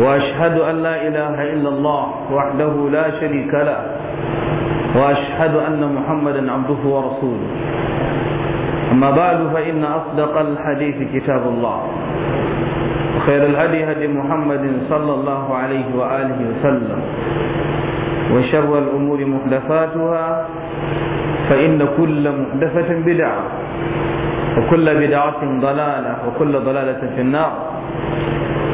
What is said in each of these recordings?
واشهد ان لا اله الا الله وحده لا شريك له واشهد ان محمدا عبده ورسوله اما بعد فان اصدق الحديث كتاب الله وخير الهدي هدي محمد صلى الله عليه واله وسلم وشر الامور محدثاتها فان كل محدثه بدعه وكل بدعه ضلاله وكل ضلاله في النار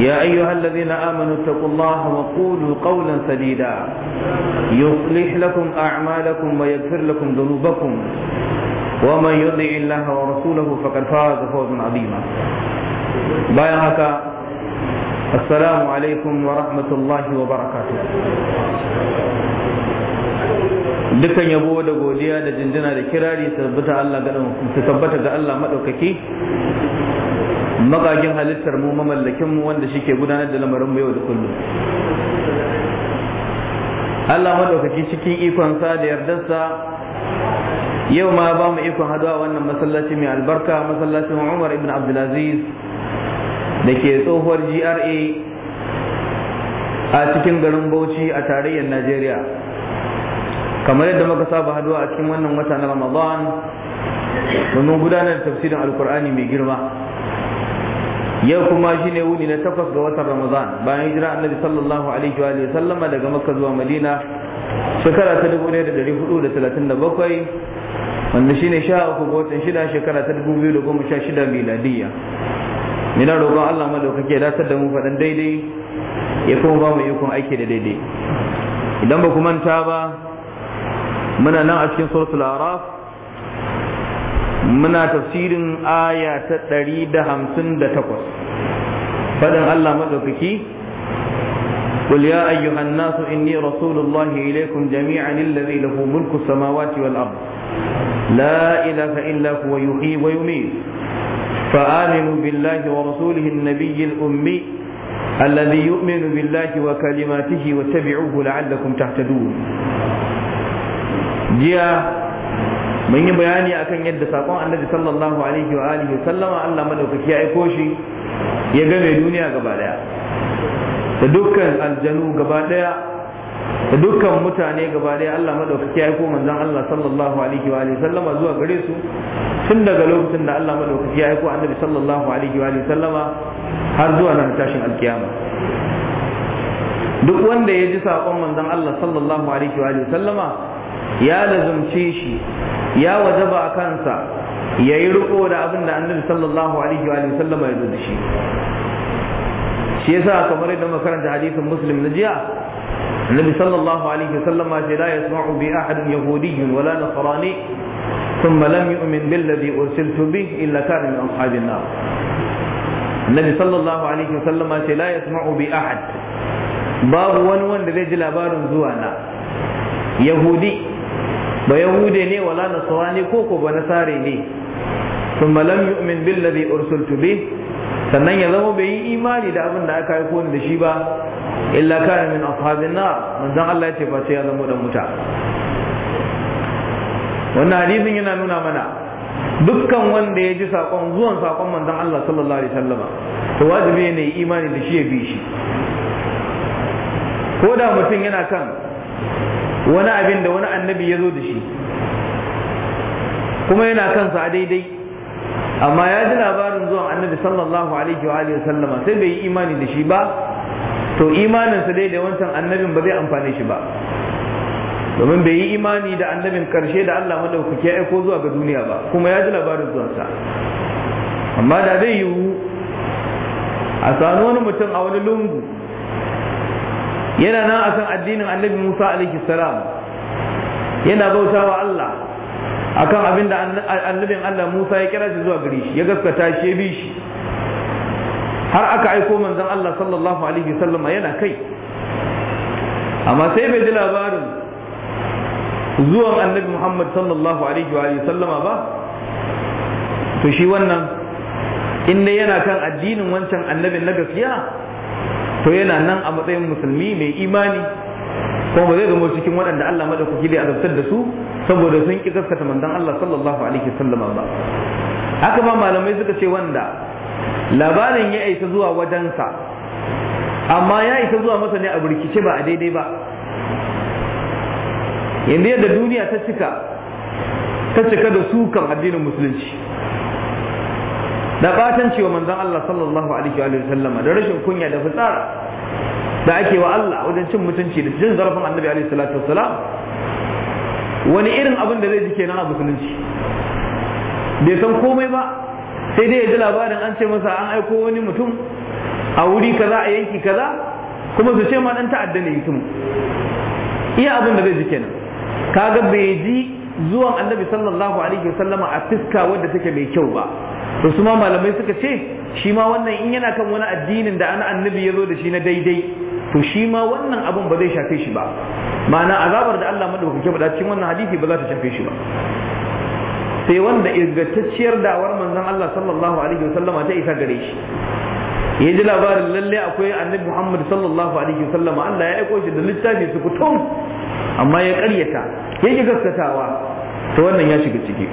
يا أيها الذين آمنوا اتقوا الله وقولوا قولا سديدا يصلح لكم أعمالكم ويغفر لكم ذنوبكم ومن يطع الله ورسوله فقد فاز فوزا عظيما بايعك السلام عليكم ورحمة الله وبركاته dukan yabo da godiya da jinjina da kirari tabbata Allah ga tabbata ga Allah madaukaki magagin halittar mu mamallakin mu wanda shi ke gudanar da lamarin mu yau da kullum Allah madaukaki cikin sa da yardarsa yau ma ba mu ikon haduwa wannan masallaci mai albarka masallacin Umar ibn Abdulaziz da ke tsohuwar GRA a cikin garin Bauchi a tarayyar Najeriya kamar yadda muka saba haduwa a cikin wannan wata na Ramadan domin gudanar da tafsirin Alkur'ani mai girma yau kuma shi ne wuni na takwas ga watan ramadan bayan hijira annabi sallallahu alaihi wa sallama daga makka zuwa madina shekara ta dubu da da da talatin 1437 wanda ne sha uku ga watan shida shekara ta dubu biyu da sha 2016 miladiyya Ina roƙon Allah madaukake ya datar da mu faɗin daidai ya kuma ba mu ikon aiki da daidai idan ba ku manta ba muna nan a cikin suratul araf muna tafsirin aya ta 158 fadin Allah madaukaki قل يا أيها الناس إني رسول الله إليكم جميعا الذي له ملك السماوات والأرض لا إله إلا هو يحيي ويميت فآمنوا بالله ورسوله النبي الأمي الذي يؤمن بالله وكلماته واتبعوه لعلكم تهتدون جاء mun yi bayani akan yadda saƙon annabi sallallahu alaihi wa alihi sallama Allah madaukaki ya aiko shi ya game duniya gaba daya da dukkan aljanu gaba daya da dukkan mutane gaba daya Allah madaukaki ya aiko manzon Allah sallallahu alaihi wa alihi sallama zuwa gare su tun daga lokacin da Allah madaukaki ya aiko annabi sallallahu alaihi wa alihi sallama har zuwa nan tashin alkiyama duk wanda ya ji saƙon manzon Allah sallallahu alaihi wa alihi sallama ya lazumce shi ya wajaba a kansa ya yi riko da abin da annabi sallallahu alaihi wa sallam ya zo da shi shi yasa kamar yadda karanta hadisin muslim na jiya annabi sallallahu alaihi wa sallam ya ce la yasma'u bi ahadin yahudiyyun wala nasrani ثم لم يؤمن بالذي أرسلت به إلا كان alaihi أصحاب النار النبي صلى الله عليه وسلم لا babu wani wanda ون ji labarin zuwa na. Yahudi. ba yahude ne wala nasara ne ko ko ba nasare ne thumma lam yu'min billadhi ursiltu bih sannan ya zama bai yi imani da abin da aka haiko da shi ba illa kana min ashabin nar manzon Allah ya ce ba sai ya zama dan wuta wannan hadisin yana nuna mana dukkan wanda ya ji sakon zuwan sakon manzon Allah sallallahu alaihi wasallama to wajibi ne imani da shi ya bi shi ko da mutum yana kan wani abin da wani annabi ya zo da shi kuma yana kansa a daidai amma ya ji labarin zuwan annabi sallallahu alaihi wa sallama sai bai yi imani da shi ba to imaninsa dai da wancan annabin ba zai amfane shi ba domin bai yi imani da annabin karshe da Allah madaukake ya aiko zuwa ga duniya ba kuma ya ji labarin zuwansa amma da zai yiwu a sami wani mutum a wani lungu yana nan akan addinin annabi Musa alaihi salam yana bautawa Allah akan abin da annabin Allah Musa ya kira shi zuwa gare shi ya gaskata shi ya bi shi har aka aiko manzon Allah sallallahu alaihi wasallam yana kai amma sai bai ji labarin zuwan annabi Muhammad sallallahu alaihi wa sallama ba to shi wannan in yana kan addinin wancan annabin na gaskiya to yana nan a matsayin musulmi mai imani kuma ba zai zama cikin waɗanda Allah madaukaki da azabtar da su saboda sun ki gaskata manzon Allah sallallahu alaihi wasallam ba haka ma malamai suka ce wanda labarin ya isa zuwa wajensa amma ya isa zuwa masa ne a burkice ba a daidai ba yanzu yadda duniya ta cika ta cika da sukan addinin musulunci da batan cewa manzon Allah sallallahu alaihi wa sallama da rashin kunya da fitsara da ake wa Allah wajen cin mutunci da jin zarafin annabi alaihi salatu wassalam wani irin abin da zai ji kenan a musulunci bai san komai ba sai dai ya ji labarin an ce masa an aiko wani mutum a wuri kaza a yanki kaza kuma su ce ma dan ta'adda ne mutum iya abin da zai ji kenan kaga bai ji zuwan annabi sallallahu alaihi wasallama a fiska wadda take mai kyau ba to su ma malamai suka ce shi ma wannan in yana kan wani addinin da ana annabi ya zo da shi na daidai to shi ma wannan abun ba zai shafe shi ba ma'ana azabar da Allah madaukake ba cikin wannan hadisi ba za ta shafe shi ba sai wanda ingantacciyar dawar manzon Allah sallallahu alaihi wasallama ta isa gare shi ya ji labarin lalle akwai annabi Muhammad sallallahu alaihi wasallama Allah ya aiko shi da littafi su kutum amma ya karyata ya ki gaskatawa to wannan ya shiga ciki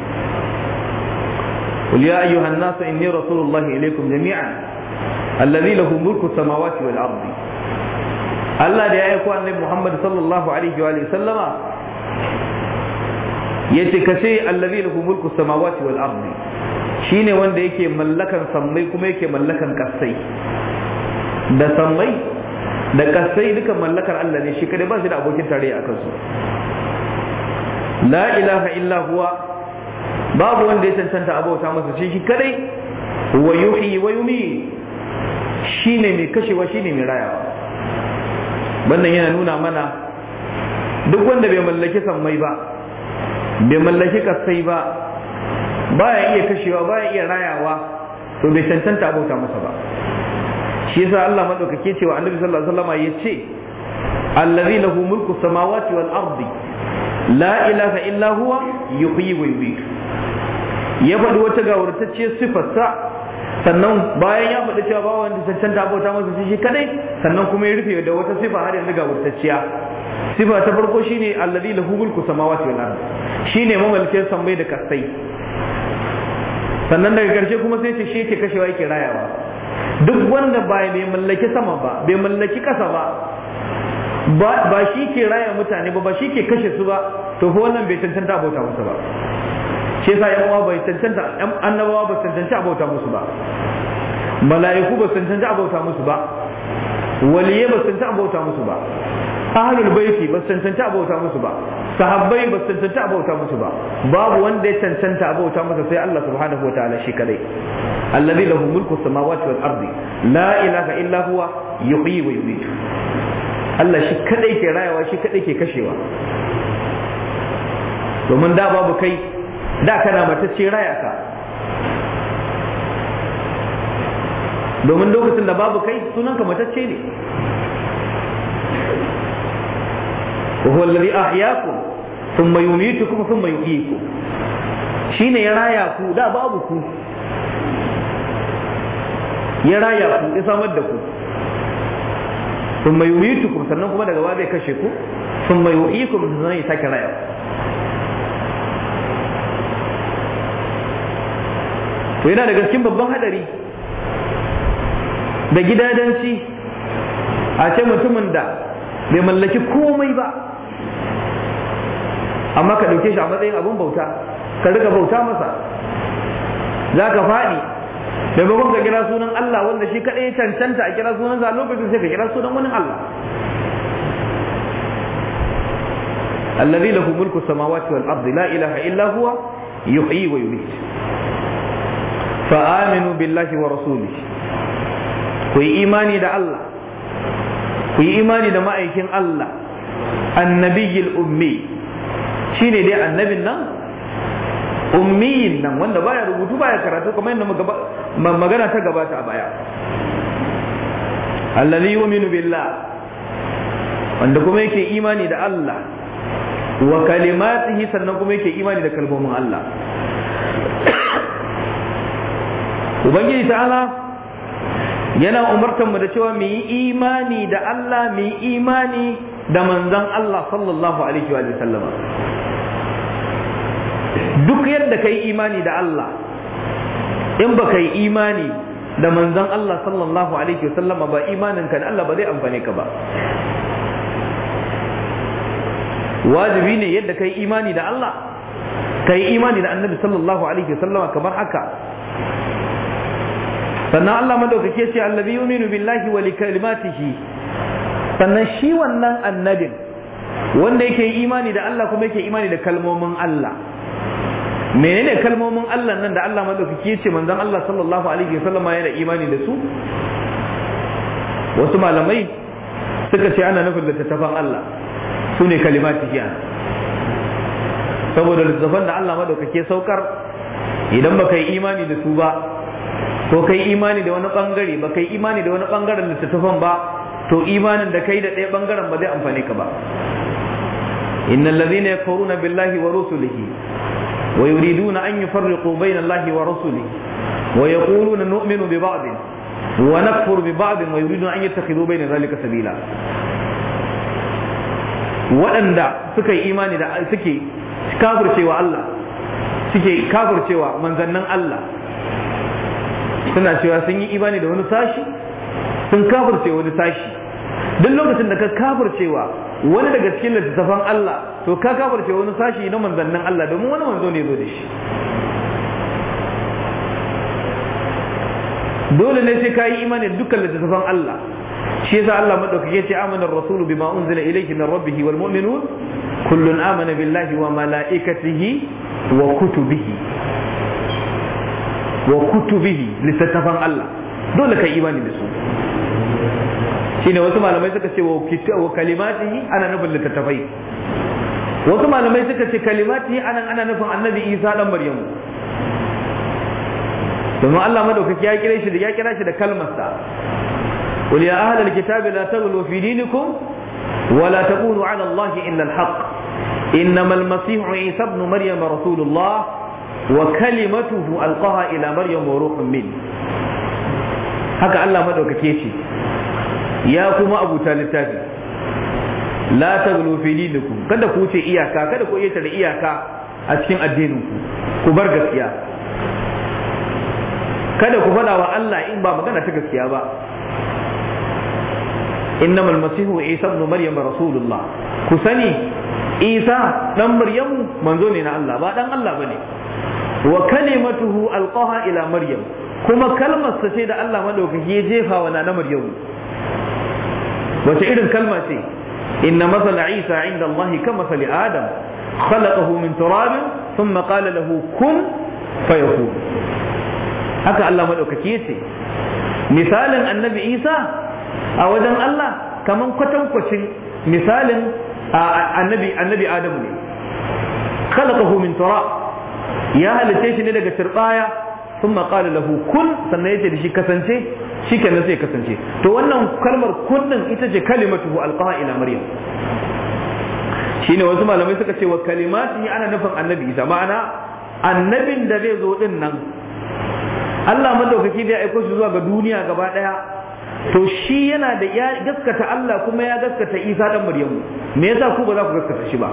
qul ya ayyuhan inni rasulullahi ilaykum jami'an alladhi lahu mulku samawati Allah da ya aiko annabi Muhammad sallallahu alaihi wa sallama yace kace alladhi lahu mulku samawati wal ardi shine wanda yake mallakan sammai kuma yake mallakan kasai da sammai da kasai duka mallakar Allah ne shi kada ba da abokin tarayya akan su la ilaha illa huwa babu wanda ya cancanta abota masa shi shi kadai wa yuhyi wa yumi shine mai kashewa shine mai rayawa wannan yana nuna mana duk wanda bai mallaki sammai ba bai mallaki kasai ba baya iya kashewa baya iya rayawa to bai cancanta abota masa ba shi yasa Allah madaukake cewa annabi sallallahu alaihi wasallam yace allazi lahu mulku samawati wal ardi la ilaha illa هو يحيي ويميت ya faɗi wata gawurtacciyar sannan bayan ya faɗi cewa bawa wanda ta bauta masa shi kadai sannan kuma ya rufe da wata sifa har yanzu ga wurtacciya. sifa ta farko shine alladhi lahu mulku samawati wal ard shine mamalkin sammai da kasai sannan daga karshe kuma sai ce shi yake kashewa yake rayawa duk wanda ba mai mallaki sama ba bai mallaki kasa ba ba shi ke raya mutane ba ba shi ke kashe su ba to fa wannan bai cancanta abota musu ba shi yasa yan uwa bai cancanta annabawa ba cancanta abota musu ba mala'iku ba cancanta abota musu ba Waliye ba cancanta abota musu ba ahlul baiti ba cancanta abota musu ba sahabbai ba cancanta abota musu ba babu wanda ya cancanta abota masa sai Allah subhanahu wataala shi kadai alladhi lahu mulku samawati wal ardi la ilaha illa huwa yuhyi wa yumiitu Allah shi kadai ke rayawa shi kadai ke kashewa domin da babu kai da kana matacce raya ka domin lokacin da babu kai sunanka matacce ne وهو الذي أحياكم ثم يميتكم ثم Shi ne ya raya ku da babu ku ya raya ku ya samar da ku sun mai yuritukum sannan kuma daga zai kashe ku sun mai yu'ikum sannan ya sake raya to yana da cikin babban hadari da gidadanci a ce mutumin da bai mallaki komai ba amma ka ɗauke shi a matsayin abin bauta ka riga bauta masa za ka faɗi da bakon ka kira sunan Allah wanda shi kaɗai cancanta a kira sunan sa lokacin sai ka kira sunan wani Allah alladhi lahu mulku samawati yi imani da Allah ku yi imani da ma'aikin Allah annabiyil ummi shine dai annabin nan ummiyin nan wanda baya rubutu baya karatu yadda magana ta gabata a baya allazi yu'minu billah wanda kuma yake imani da Allah wa kalimatihi sannan kuma yake imani da kalmomin Allah ubangiji ta'ala yana umartar mu da cewa mu yi imani da Allah mu yi imani da manzon Allah sallallahu alaihi wa sallama duk yadda kai imani da Allah in ba ka yi imani da manzan Allah sallallahu alaihi wasallama ba imanin ka da Allah ba zai amfane ka ba wajibi ne yadda ka yi imani da Allah ka yi imani da annabi sallallahu alaihi wasallama kamar haka sannan Allah madaukake ce allabi yu'minu billahi wa likalimatihi sannan shi wannan annabin wanda yake imani da Allah kuma yake imani da kalmomin Allah menene kalmomin Allah nan da Allah madaukaki yace manzon Allah sallallahu alaihi wasallam yana imani da su wasu malamai suka ce ana nufin littattafan Allah su ne kalimati kiyan saboda littattafan da Allah ya saukar idan baka yi imani da su ba ko kai imani da wani bangare baka yi imani da wani bangaren littattafan ba to imanin da kai da ɗaya bangaren ba zai amfane ka ba innal ladhina yakfuruna billahi wa rusulihi ويريدون أن يفرقوا بين الله ورسله ويقولون نؤمن ببعض ونكفر ببعض ويريدون أن يتخذوا بين ذلك سبيلا waɗanda suka yi imani da suke kafircewa Allah suke kafircewa manzannin Allah suna cewa sun yi imani da wani sashi sun kafircewa wani sashi duk lokacin da ka kafircewa wani daga cikin littattafan Allah to ka kafarce wani sashi na manzannin Allah domin wani manzo ne zo da shi dole ne sai ka yi imani dukkan littattafan Allah shi yasa Allah madaukake ya ce amanar ar-rasulu bima unzila ilayhi min rabbih wal mu'minun kullun amana billahi wa malaikatihi wa kutubihi wa kutubihi littattafan Allah dole ka yi imani da su shine wasu malamai suka ce wa kalimatihi ana nufin littattafai wasu malamai suka ce kalimatihi anan ana nufin annabi isa dan maryamu domin Allah madaukaki ya kira shi da ya kira shi da kalmarsa qul ya ahlal kitabi la taghlu fi dinikum wa la taqulu ala allahi illa alhaq innama almasih isa ibn maryam rasulullah wa kalimatuhu alqaha ila maryam wa ruhun haka Allah madaukake shi ya kuma abuta littafi la taglu fi dinikum kada ku wuce iyaka kada ku iya iyaka a cikin addinin ku ku bar gaskiya kada ku faɗa wa Allah in ba magana ta gaskiya ba إنما المسيح عيسى ابن مريم رسول الله كسني عيسى دم مريم منزوني نا الله با دان الله بني وكلمته ألقاها إلى مريم كما كلمة سيدة الله مدوك يجيفها ونا مريم wace irin kalma ce inna masala isa inda Allah ka masali adam khalaqahu min turabin thumma qala lahu kun fayakun haka Allah madaukaki yace misalin annabi isa a wajen Allah kaman kwatankwacin misalin annabi annabi adamu ne khalaqahu min turab ya halitta shi ne daga turbaya thumma qala lahu kun sannan yace da shi kasance shikenan zai kasance to wannan kalmar kullun ita ce kalimatu alqaha ila maryam shine wasu malamai suka ce wa kalimati ana nufin annabi isa ma'ana annabin da zai zo din nan Allah madaukaki da ya aiko shi zuwa ga duniya gaba daya to shi yana da ya gaskata Allah kuma ya gaskata Isa dan Maryamu me yasa ku ba za ku gaskata shi ba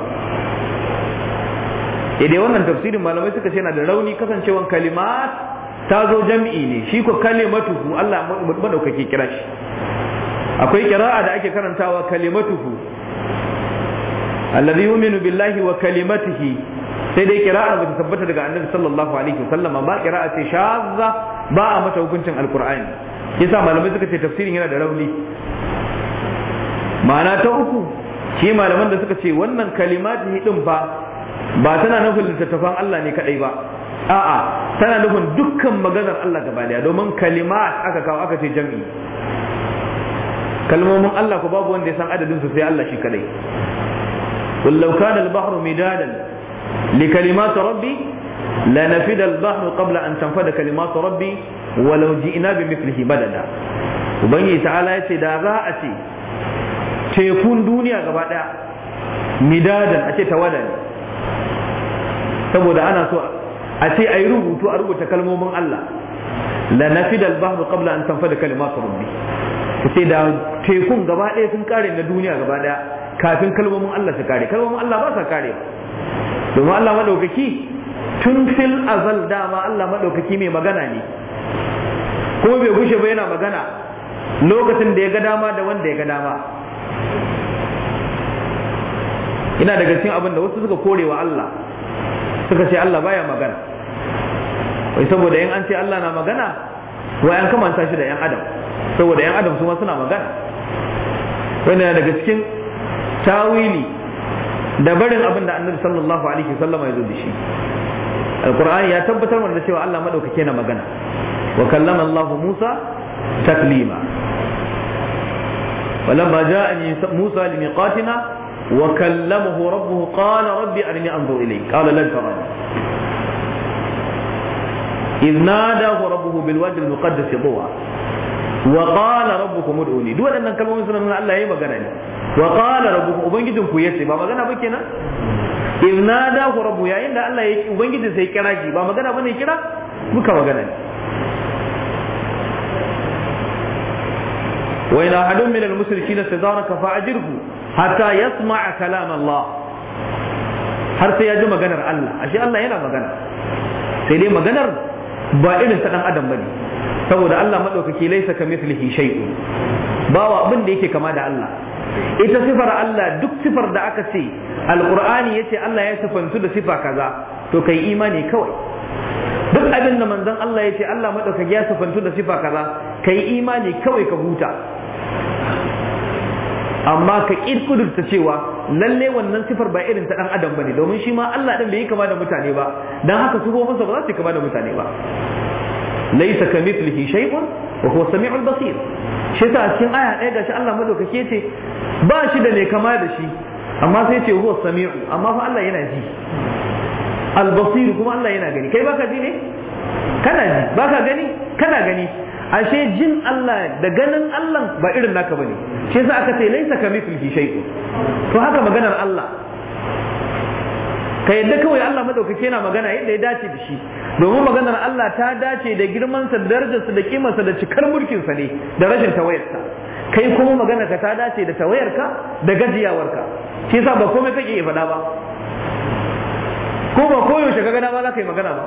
eh dai wannan tafsirin malamai suka ce yana da rauni kasancewan kalimat ta zo jam'i ne shi ko kalimatuhu Allah madaukake kira shi akwai kira'a da ake karantawa kalimatuhu alladhi yu'minu billahi wa kalimatihi sai dai kira'a ba ta tabbata daga annabi sallallahu alaihi wasallama ba kira'a ce shazza ba a mata hukuncin alqur'ani yasa malamai suka ce tafsirin yana da rauni ma'ana ta uku shi malaman da suka ce wannan kalimatihi din ba ba tana nufin littattafan Allah ne kadai ba a'a tana nufin dukkan maganar Allah gaba daya domin kalimat aka kawo aka ce jam'i kalmomin Allah ku babu wanda ya san adadin su sai Allah shi kadai wallau kana al-bahru midadan li kalimat rabbi la nafida al-bahru qabla an tanfada kalimat rabbi walau ji'na bi mithlihi badada ubangiji ta'ala yace da za a ce tekun duniya gaba daya midadan a ce tawada ne saboda ana so a ce a yi rubutu a rubuta kalmomin Allah la nafida al-bahru qabla an tanfada kalimatu rabbi sai da tekun gaba ɗaya sun kare na duniya gaba ɗaya kafin kalmomin Allah su kare kalmomin Allah ba sa kare domin Allah madaukaki tun fil azal dama Allah madaukaki mai magana ne kuma bai gushe ba yana magana lokacin da ya ga dama da wanda ya ga dama ina daga cikin abin da wasu suka korewa Allah suka ce Allah baya magana wai saboda yan an ce Allah na magana wai an kamanta shi da yan adam saboda yan adam su suna magana na daga cikin tawili da barin abin da annabi sallallahu alaihi sallama ya zo da shi alqur'ani ya tabbatar mana cewa Allah madaukake na magana wa kallama Allah Musa taklima ولما جاءني موسى لميقاتنا وكلمه ربه قال ربي أرني أنظر إليك قال لن تراني إذ ناداه ربه بالواد المقدس طوى وقال ربكم ادعوني دول أن كلمة مثل من الله يبقى وقال ربكم أبنجدكم كويسي ما مغنى بكنا إذ ناداه ربه يا إن الله أبنجد سيكراجي ما مغنى بني كنا بكا مغنى وإن أحد من المشركين استدارك فأجره حتى يسمع كلام الله har sai ya ji maganar Allah ashe Allah yana magana sai dai maganar ba irin ta dan adam bane saboda Allah madaukaki laisa ka mithlihi shay'un bawa abin da yake kama da Allah ita sifar Allah duk sifar da aka ce alqur'ani yace Allah ya sifantu da sifa kaza to kai imani kawai duk abin da manzon Allah yace Allah madaukaki ya sifantu da sifa kaza kai imani kawai ka huta amma ka kirkudurta cewa lalle wannan sifar ba irin ta ɗan adam bane domin shi ma Allah ɗan bai yi kama da mutane ba dan haka sifofinsa ba za su kama da mutane ba laysa kamithlihi shay'un wa huwa samiul basir shi ta cikin aya ɗaya gashi Allah madaukake ce ba shi da ne kama da shi amma sai ce huwa sami'u amma fa Allah yana ji al-basir kuma Allah yana gani kai baka ji ne kana ji baka gani kana gani ashe jin Allah da ganin Allah ba irin naka bane shi yasa aka ce laisa kamithlihi shay'un to haka maganar Allah ka yadda kawai Allah madaukake yana magana yadda ya dace da shi domin maganar Allah ta dace da girman sa, da sa, da sa, da cikar mulkin sa ne da rashin sa. kai kuma maganar ka ta dace da ka da gajiyawarka shi yasa ba komai kake faɗa ba ko ba koyaushe ka gana ba za ka yi magana ba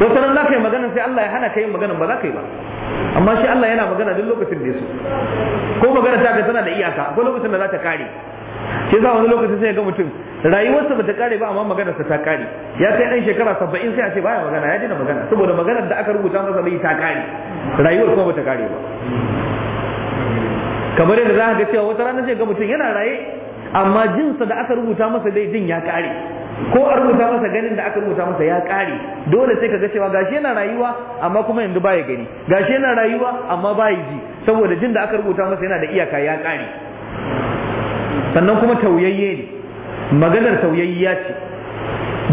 don sanan za ka yi magana sai Allah ya hana ka yin magana ba za ka yi ba amma shi Allah yana magana duk lokacin da ya so ko magana ta tana da iyaka ko lokacin da za ta kare shi za wani lokacin sai ya ga mutum rayuwarsa ba ta kare ba amma maganarsa ta kare ya kai dan shekara 70 sai a ce baya magana ya dina magana saboda maganar da aka rubuta masa bai ta kare rayuwar kuma ba ta kare ba kamar yadda za ka ga cewa wata rana sai ga mutum yana raye amma jinsa da aka rubuta masa dai jin ya kare ko a rubuta masa ganin da aka rubuta masa ya kare dole sai ka ga cewa gashi yana rayuwa amma kuma yanzu baya gani gashi yana rayuwa amma baya ji saboda jin da aka rubuta masa yana da iyaka ya kare sannan kuma tauyayye ne maganar tauyayya ce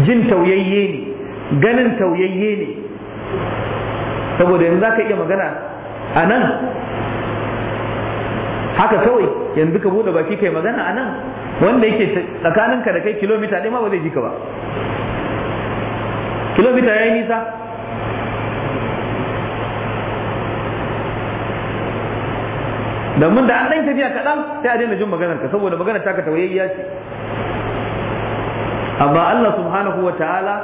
jin tauyayye ne ganin tauyayye ne saboda yanzu za ka iya magana a nan haka kawai yanzu ka bude baki kai magana a nan wanda yake tsakanin ka da kai kilomita ɗaya ma ba zai ji ka ba kilomita ya yi nisa da mun da an ɗan tafiya kaɗan sai a daina jin maganar ka saboda maganar ka tawayayya ce amma Allah subhanahu wa ta'ala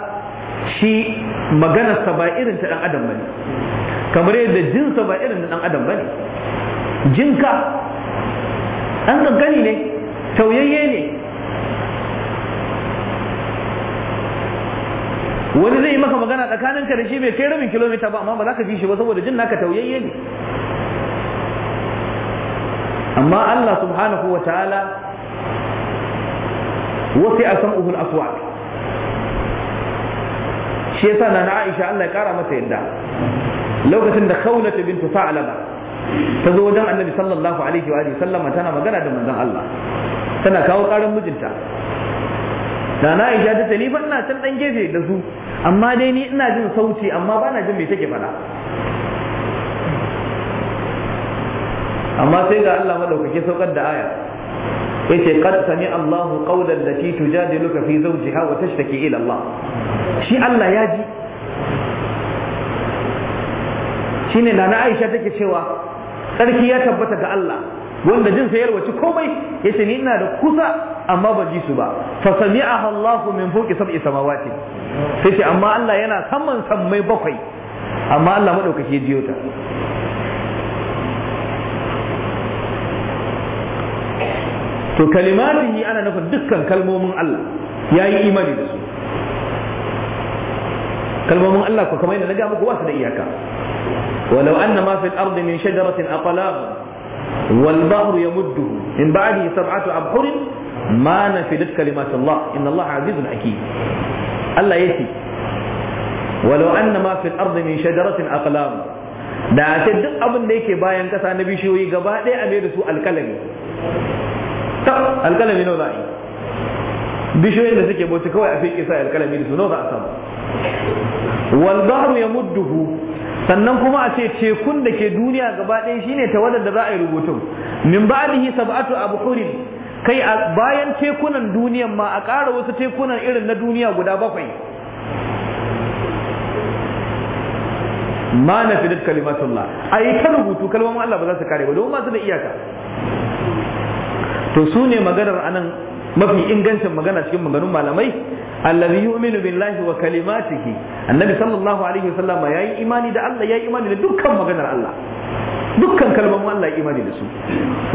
shi maganarsa ba irin ta ɗan adam bane kamar yadda jinsa ba irin ɗan adam bane jinka ɗan kankani ne tauyayye ne wani zai yi maka magana tsakaninka da shi bai kai rabin kilomita ba amma ba za ka ji shi ba saboda jin naka tauyayye ne amma Allah subhanahu wa ta'ala wasi a san uhul afwa shi yasa na na Aisha Allah ya kara mata yadda lokacin da Khawlata bintu Sa'laba ta zo wajen annabi sallallahu alaihi wa sallama tana magana da manzon Allah tana kawo karan mijinta da na aisha ta tali na can dan gefe da su amma dai ni ina jin sauti amma ba na jin me take faɗa amma sai ga Allah madaukake saukar da aya yace qad sami Allahu qawlan lati tujadiluka fi zawjiha wa tashtaki ila Allah shi Allah ya ji shine da na aisha take cewa sarki ya tabbata ga Allah wanda jinsa ya yalwaci komai Ya ce ni ina da kusa amma ba ji su ba fa sami'aha Allah min fawqi sab'i samawati sai ce amma Allah yana saman sammai bakwai amma Allah madaukaki ya jiyo ta to kalimatihi ana nufin dukkan kalmomin Allah ya yi imani da su kalmomin Allah ko kamar yadda na ga muku wasu da iyaka ولو أن ما في الأرض من شجرة أقلام والبحر يمده من بعده سبعة أبحر ما نفدت كلمات الله إن الله عزيز حكيم الله يسي ولو أن ما في الأرض من شجرة أقلام دا تدق أبن ليك بايا كسا نبي شوي قبا دي أمير سوء الكلم الكلم نو ذاي بشوي نسيك بوسكوا في إساء الكلم نو ذا والبحر يمده sannan kuma a ce tekun da ke duniya gaba ɗaya shine tawadar da za a yi rubutun min ba'dihi sab'atu hurin kai a bayan tekunan duniyan ma a ƙara wasu tekunan irin na duniya guda bakwai ma na fidat kalimatullah a yi ta rubutu kalmomin Allah ba za su kare ba domin masu da iyaka to su ne maganar anan mafi ingancin magana cikin maganun malamai allazi yu'minu billahi wa kalimatihi annabi sallallahu alaihi wasallama yayi imani da Allah yayi imani da dukkan maganar Allah dukkan kalmomin Allah yayi imani da su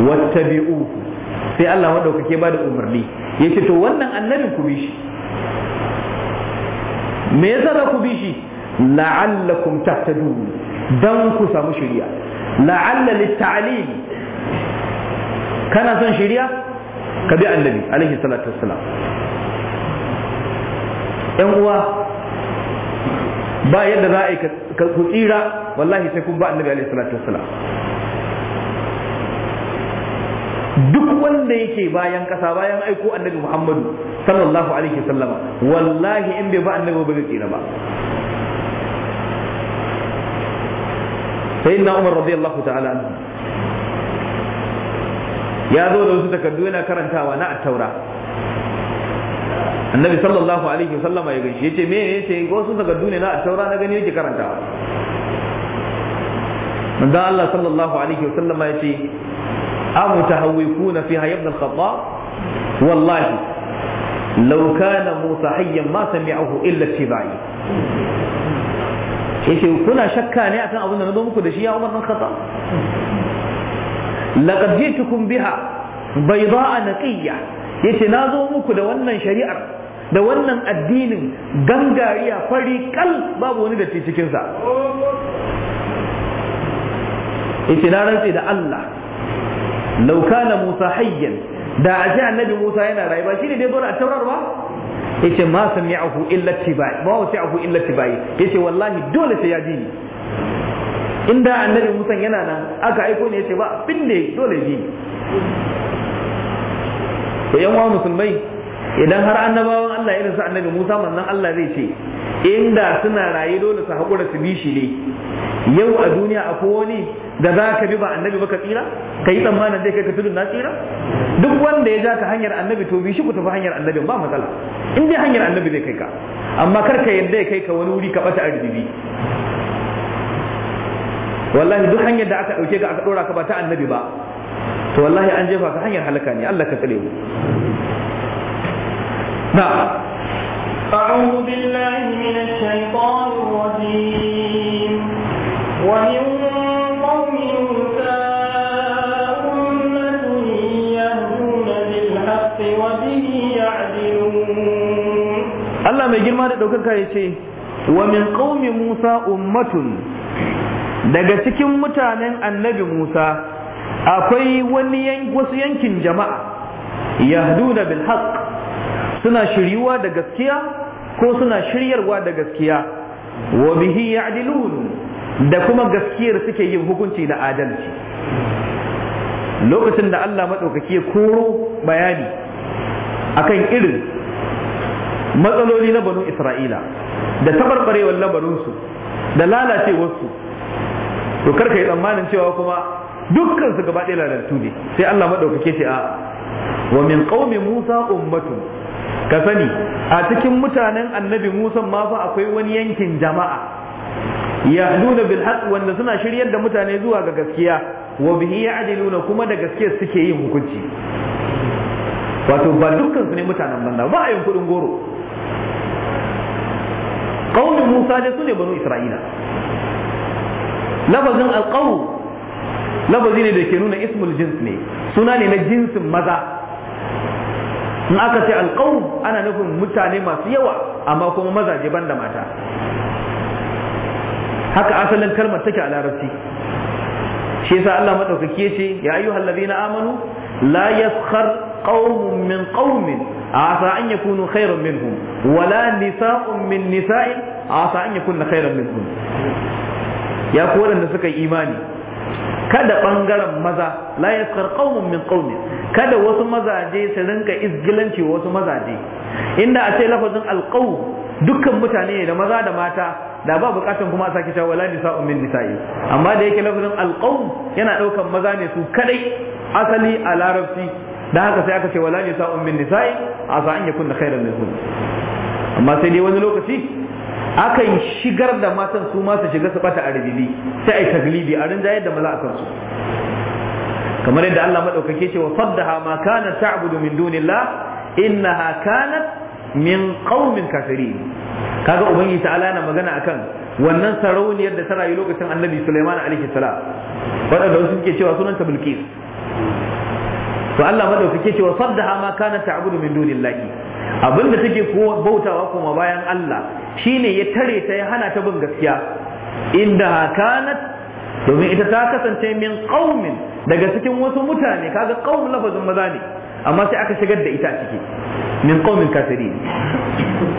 wattabi'uhu sai Allah madaukake ba da umarni yace to wannan annabin ku bishi? me yasa za ku bi shi la'allakum tahtadun dan ku samu shari'a la'alla lit-ta'lim kana son shari'a ka bi annabi alaihi salatu wassalam yan uwa ba yadda za a yi ka tsira wallahi sai kun ba annabi alaihi salatu wassalam duk wanda yake bayan kasa bayan aiko annabi Muhammadu sallallahu alaihi sallama wallahi in bai ba annabi ba zai tsira ba sayyidina Umar radiyallahu ta'ala anhu ya zo da wasu takardu yana karantawa na attaura annabi sallallahu alaihi wasallama ya gaishe yace me ne yace wasu takardu ne na attaura na gani yake karantawa manzo Allah sallallahu alaihi wasallama yace am tahawikuna fiha ibn al-khattab wallahi law kana musa hayyan ma sami'ahu illa tibai yace kuna shakka ne akan abin da na zo muku da shi ya Umar bin Khattab laqad jitukum biha bayda'a naqiyya yace na zo muku da wannan shari'ar da wannan addinin gangariya fari kal babu wani da cikin sa yace na rantse da Allah law kana Musa hayyan da a annabi Musa yana rayuwa shi ne dai zo a taurar ba yace ma sami'ahu illa tibai ma wasi'ahu illa tibai yace wallahi dole sai ya dini inda annabi Musa yana nan aka aiko ne ya ce ba abin da dole ji to yan uwa musulmai idan har annabawan Allah irin su annabi Musa manzon Allah zai ce inda suna raye dole su hakura su bi shi ne yau a duniya akwai wani da za ka bi ba annabi ba ka tsira ka yi tsammanin zai kai ka tudun na tsira duk wanda ya ja ka hanyar annabi to bi shi ku tafi hanyar annabi ba matsala in dai hanyar annabi zai kai ka amma kar ka yarda ya kai ka wani wuri ka bata arziki wallahi duk hanyar da aka ɗauke ka aka ɗora ka ba ta annabi ba to wallahi an jefa ka hanyar halaka ne Allah ka tsare mu na أعوذ بالله من الشيطان الرجيم ومن قوم موسى أمة يهدون بالحق وبه يعدلون الله ما يجمع دوكا ومن قوم موسى أمة daga cikin mutanen annabi Musa akwai wani wasu yankin jama'a yahduna bil haqq suna shiryuwa da gaskiya ko suna shiryarwa da gaskiya wa bihi ya'dilun da kuma gaskiyar suke yin hukunci da adalci lokacin da Allah maɗaukaki ya koro bayani akan irin matsaloli na banu Isra'ila da tabarbarewar labarinsu da lalacewarsu to kar ka yi tsammanin cewa kuma dukkan su gaba ɗaya lalatu ne sai Allah madaukake ce a wa min qaumi Musa ummatu ka sani a cikin mutanen annabi Musa ma fa akwai wani yankin jama'a yahduna bil haqq wanda suna shiryar da mutane zuwa ga gaskiya wa bihi ya'diluna kuma da gaskiya suke yin hukunci wato ba dukkan su ne mutanen banza ba a yin kudin goro Ƙaunin Musa ne su ne banu Isra'ila lafazin alƙawu lafazi ne da ke nuna ismul jins ne suna ne na jinsin maza in aka ce alƙawu ana nufin mutane masu yawa amma kuma mazaje ban da mata haka asalin kalmar take a larabci shi yasa Allah madaukaki yace ya ayyuhal ladina amanu la yaskhar qaumun min qaumin asa an yakunu khairan minhum wala nisa'un min nisa'in asa an yakunu khairan minhum ya fi waɗanda suka yi imani kada ɓangaren maza la yaskar qaumun min qaumin kada wasu mazaje su rinka izgilanci wasu mazaje inda a ce lafazin alqaw dukkan mutane da maza da mata da ba bukatan kuma a sake cewa wala nisa ummin nisa'i amma da yake lafazin alqaw yana daukan maza ne su kadai asali a larabci da haka sai aka ce wala nisa ummin nisa'i sa an yakun khairan minhum amma sai dai wani lokaci akan shigar da matan su ma su shiga su bata a ribibi sai ai taglibi a rinjaye da maza a su kamar yadda Allah madaukake ce wa saddaha ma kana ta'budu min dunillah innaha kanat min qaumin kafirin kaga ubangiji ta'ala na magana akan wannan sarauniyar da ta rayu lokacin annabi Sulaiman alaihi salam wadanda wasu suke cewa sunanta Bilqis to Allah madaukake ce wa saddaha ma kana ta'budu min dunillahi abinda take ko bautawa kuma bayan Allah shine ya tare ta ya hana ta bin gaskiya inda kanat domin ita ta kasance min qaumin daga cikin wasu mutane kaga qaum lafazin maza ne amma sai aka shigar da ita ciki min qaumin kafirin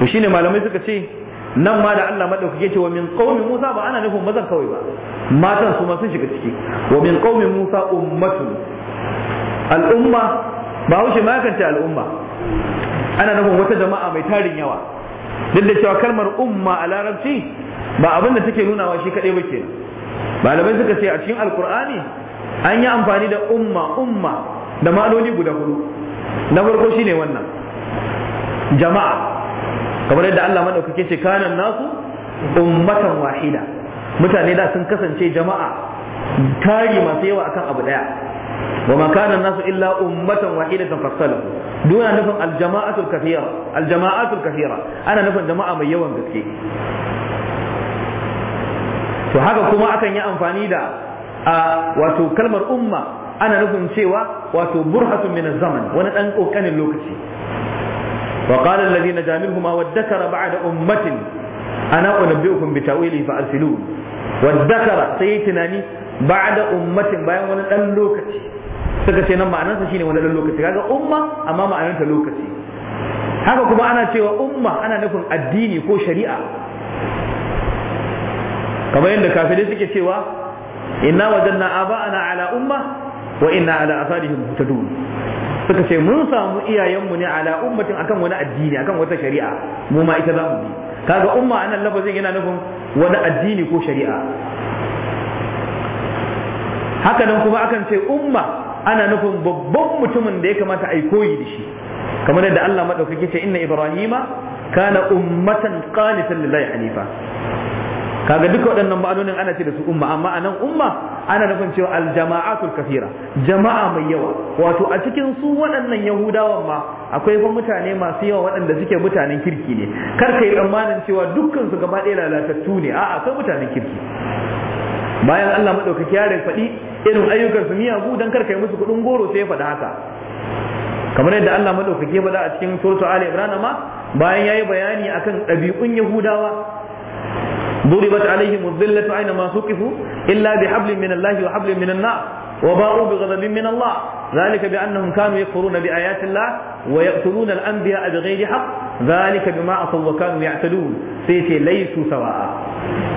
to shine malamai suka ce nan ma da Allah madaukake ce wa min qaumi Musa ba ana nufin mazan kawai ba matan su ma sun shiga ciki wa min qaumi Musa ummatun al'umma ba haushe ma al'umma ana nufin wata jama'a mai tarin yawa duk da cewa kalmar umma a larabci ba abin da take nunawa shi kaɗai ba ke malamai suka ce a cikin alkur'ani an yi amfani da umma umma da ma'anoni guda hudu na farko shine wannan jama'a kamar yadda Allah madaukake ce kanan nasu ummatan wahida mutane da sun kasance jama'a tari masu yawa akan abu daya wa ma nasu illa ummatan wahidatan fasalu duna nufin aljama'atul kathira aljama'atul kathira ana nufin jama'a mai yawan gaske to haka kuma akan yi amfani da wato kalmar umma ana nufin cewa wato burhatun min zaman wani dan kokanin lokaci wa qala alladhina jamilhuma wadhakara da ummatin ana unabbiukum bi ta'wili fa arsilun wadhakara sai tunani ba'da ummatin bayan wani dan lokaci suka ce nan ma'anarsa shine wani dan lokaci kaga umma amma ma'anarta lokaci haka kuma ana cewa umma ana nufin addini ko shari'a kamar yadda kafirai suke cewa inna wajanna aba'ana ala umma wa inna ala asarihim muhtadun suka ce mun samu iyayenmu ne ala ummatin akan wani addini akan wata shari'a mu ma ita za mu bi kaga umma anan lafazin yana nufin wani addini ko shari'a haka nan kuma akan ce umma ana nufin babban mutumin da ya kamata a yi koyi da shi kamar yadda Allah madaukake ce inna ibrahima kana ummatan qanitan lillahi hanifa kaga duka waɗannan ma'anonin ana ce da su umma amma anan umma ana nufin cewa aljama'atul kafira jama'a mai yawa wato a cikin su waɗannan yahudawan ma akwai ba mutane masu yawa waɗanda suke mutanen kirki ne kar yi tsammanin cewa dukkan su gaba ɗaya lalatattu ne a'a akwai mutanen kirki bayan Allah madaukaki ya faɗi irin ayyukan su miyagu dan karkai musu kudin goro sai ya faɗi haka kamar yadda Allah madaukaki ya faɗa a cikin suratu Ali Imran ma bayan yayi bayani akan ɗabi'un Yahudawa ضربت عليهم الذلة أينما ثقفوا إلا بحبل من الله وحبل من النار وباءوا بغضب من الله ذلك بأنهم كانوا يكفرون بآيات الله ويقتلون الأنبياء بغير حق ذلك بما أصوا وكانوا يعتدون سيتي ليسوا سواء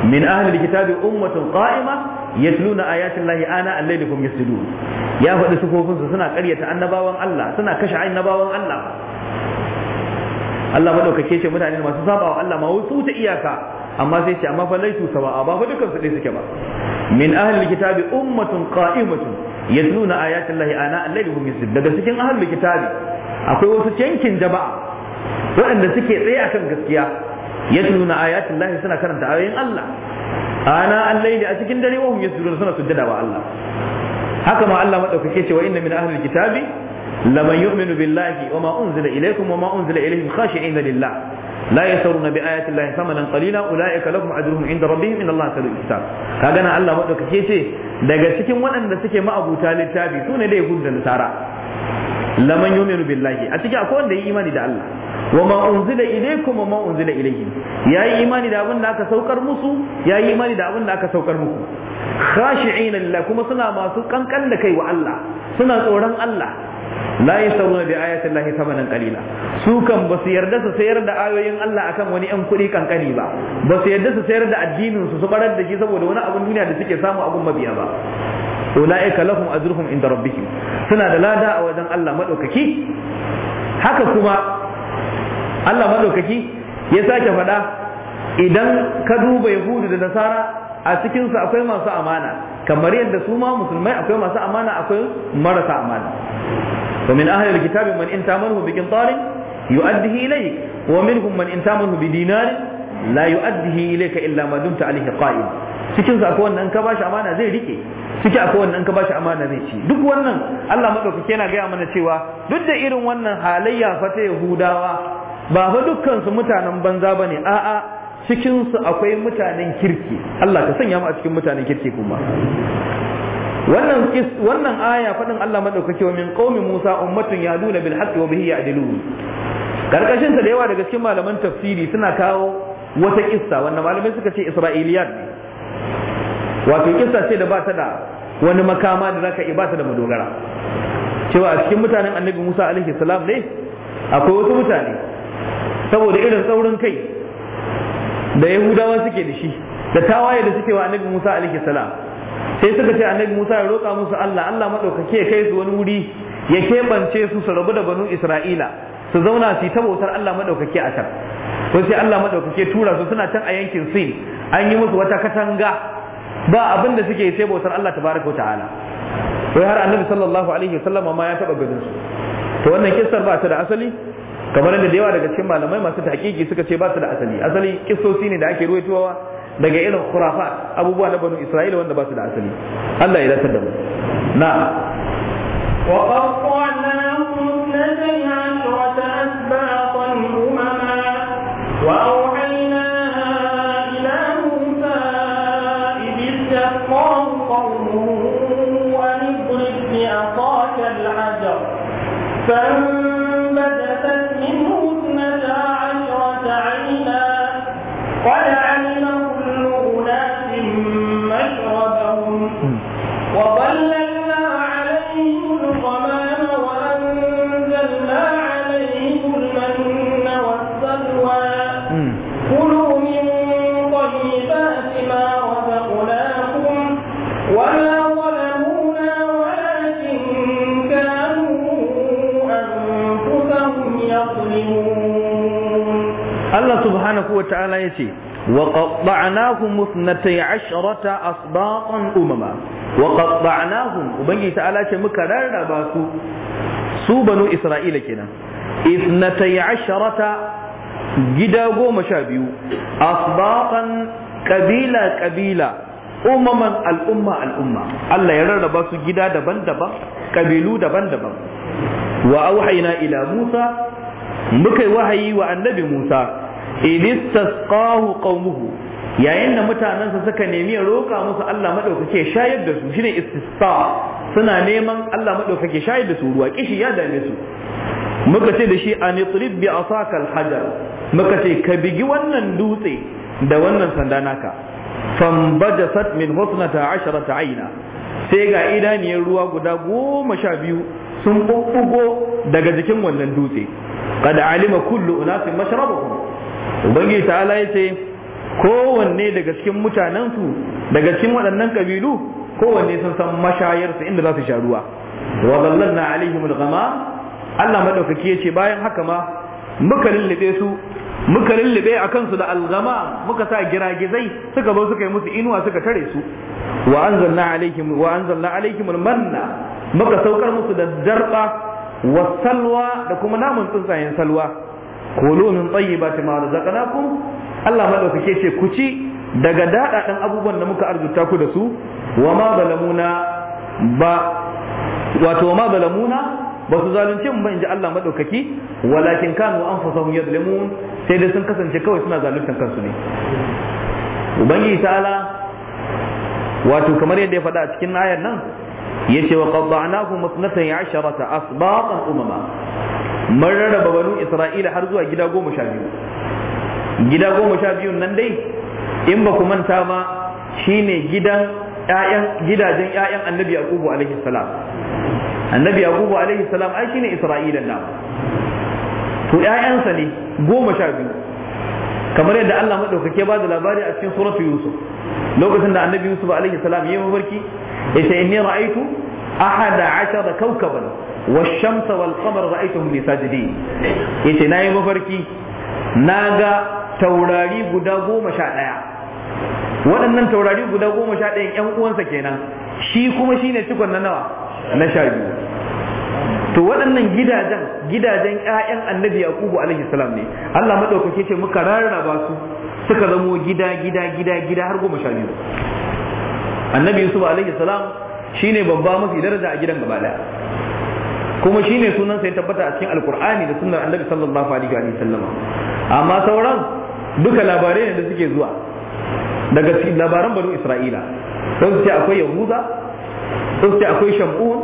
من أهل الكتاب أمة قائمة يتلون آيات الله آناء الليل هم يسجدون يا فد سكوفن سنة قرية النباوة الله سنة كشع النباوة الله Allah madaukake ce mutane masu sabawa Allah ma wasu ta iyaka amma sai ce amma fa laisu sawa'a ba fa dukan su dai suke ba min ahlil kitabi ummatun qa'imatun yatluna ayati llahi ana al-layli hum yasjud daga cikin ahlil kitabi akwai wasu yankin jama'a waɗanda suke tsaye akan gaskiya yatluna ayati llahi suna karanta ayoyin Allah ana al-layli a cikin dare wa hum yasjudun suna sujjada wa Allah haka ma Allah madaukake ce wa inna min ahlil kitabi laman yu'minu wa ma unzila wa ma unzila lillah la yasaruna bi ayati llahi samanan qalila ulaika lahum ajruhum inda rabbihim inna allaha sari'ul hisab kaga na Allah madaukake ce daga cikin waɗanda suke ma'abuta littafi sune da yahudu da nasara laman yuminu billahi a cikin akwai wanda ya imani da Allah wa ma unzila ilaykum wa ma unzila ilayhim yayi imani da abin da aka saukar musu yayi imani da abin da aka saukar muku khashi'ina lillah kuma suna masu kankan da kai wa Allah suna tsoron Allah la yasawuna bi ayati llahi thamanan qalila su kan ba su yarda su sayar da ayoyin Allah akan wani yan kuɗi kankani ba ba su yarda su sayar da addinin su su barar da shi saboda wani abin duniya da suke samu abun mabiya ba ulaika lahum ajruhum inda rabbihim suna da lada a wajen Allah madaukaki haka kuma Allah maɗaukaki ya sake faɗa idan ka duba yahudu da nasara a cikinsu akwai masu amana kamar yadda su ma musulmai akwai masu amana akwai marasa amana wa min ahli alkitabi man in tamanhu bi qintarin yu'addihi ilayk wa minhum man in tamanhu bi dinarin la yu'addihi ilayka illa ma dumta alayhi qa'im akwai wannan ka bashi amana zai rike ciki akwai wannan ka bashi amana zai ci duk wannan Allah madaukake yana gaya mana cewa duk da irin wannan halayya fa ta Yahudawa ba fa dukkansu mutanen banza bane a'a cikinsu akwai mutanen kirki Allah ka sanya mu a cikin mutanen kirki kuma wannan wannan aya faɗin Allah madaukake wa min qaumi Musa ummatun yaduna bil haqqi wa bihi ya'dilun karkashin ta da yawa daga cikin malaman tafsiri suna kawo wata kissa wanda malamai suka ce Isra'iliyat ne wato kissa ce da ba ta da wani makama da zaka ba ta da madogara cewa a cikin mutanen annabi Musa alaihi salam ne akwai wasu mutane saboda irin saurin kai da yahudawa suke da shi da tawaye da suke wa annabi musa alaihi salam sai suka ce annabi musa ya roƙa musu allah allah maɗaukaki ya kai su wani wuri ya keɓance su su rabu da banu isra'ila su zauna su yi ta bautar allah maɗaukaki a can to sai allah maɗaukaki tura su suna can a yankin sin an yi musu wata katanga ba abin da suke sai bautar allah tabaraka ta'ala wai har annabi sallallahu alaihi wasallam ma ya taɓa ganin su to wannan kissar ba ta da asali kamar da yawa daga cikin malamai masu tahqiqi suka ce ba su da asali asali kissosi ne da ake ruwaitowa daga irin khurafat abubuwa na banu isra'ila wanda ba su da asali Allah ya dace da mu na wa qatta'nahum musa قد علم كل أناس مشربهم وضل wa ta'ala yace wa qatta'nahum musnatay asharata asbaqan umama wa qatta'nahum ubangiji ta'ala ce muka rarraba su su banu isra'ila kenan isnatay asharata gida goma sha biyu asbaqan kabila kabila umaman al'umma al'umma Allah ya rarraba su gida daban-daban kabilu daban-daban wa auhayna ila Musa muka yi wahayi wa annabi Musa idistasqahu qaumuhu yayin da mutanensa suka nemi ya roƙa musu Allah madaukake shayar da su shine istisqa suna neman Allah madaukake shayar da su ruwa kishi ya dame su muka ce da shi an yatrib bi asaka alhajar muka ce ka bigi wannan dutse da wannan sanda naka fambajasat min husnata asharata aina sai ga idaniyar ruwa guda goma sha biyu sun bubbugo daga jikin wannan dutse kada alima kullu unasin mashrabahum ubangiji ta'ala ya ce kowanne daga cikin mutanensu daga cikin waɗannan kabilu kowanne sun san mashayarsa inda za su sha ruwa wa zallanna alaihim al-ghama Allah madaukaki ya ce bayan haka ma muka lullube su muka lullube a kansu da algama muka sa giragizai suka zo suka yi musu inuwa suka tare su wa anzalna alaihim wa anzalna alaihim al-manna muka saukar musu da darba wa salwa da kuma namun tsuntsayen salwa kulu min tayyibati ma razaqnakum Allah madaukake ce ku ci daga dadadan abubuwan da muka arzuta ku da su wa ma zalamuna ba wato ma zalamuna ba su zalunce mu ba inji Allah madaukaki walakin kanu anfusahum yadlimun sai dai sun kasance kawai suna zaluntar kansu ne ubangiji ta'ala wato kamar yadda ya faɗa a cikin ayar nan yace wa qadda'nahu masnatay asharata asbaqan umama mun rarraba banu isra'ila har zuwa gida goma sha biyu gida goma sha biyun nan dai in ba ku manta ba shine gidan ƴaƴan gidajen ƴaƴan annabi yaqubu alaihi salam annabi yaqubu alaihi salam ai shine isra'ilan nan to ƴaƴansa ne goma sha biyu kamar yadda Allah madaukake ba da labari a cikin suratu yusuf lokacin da annabi yusuf alaihi salam yayi mafarki yace inni ra'aytu ahada ashara kawkaban والشمس والقمر رأيتهم لي ساجدين yace nayi mafarki naga taurari guda goma sha ɗaya waɗannan taurari guda goma sha ɗaya ƴan uwansa kenan shi kuma shine cikon na nawa na sha biyu to waɗannan gidajen gidajen ƴaƴan annabi yaqubu alaihi salam ne Allah madaukake ce muka rarraba su suka zamo gida gida gida gida har goma sha biyu annabi yusuf alaihi salam shine babba mafi daraja a gidan gaba daya kuma shine sunan ya tabbata a cikin alkur'ani da sunnar annabi sallallahu alaihi wa sallama amma sauran duka labarai ne da suke zuwa daga labaran banu isra'ila sun ce akwai yahuda sun ce akwai shamun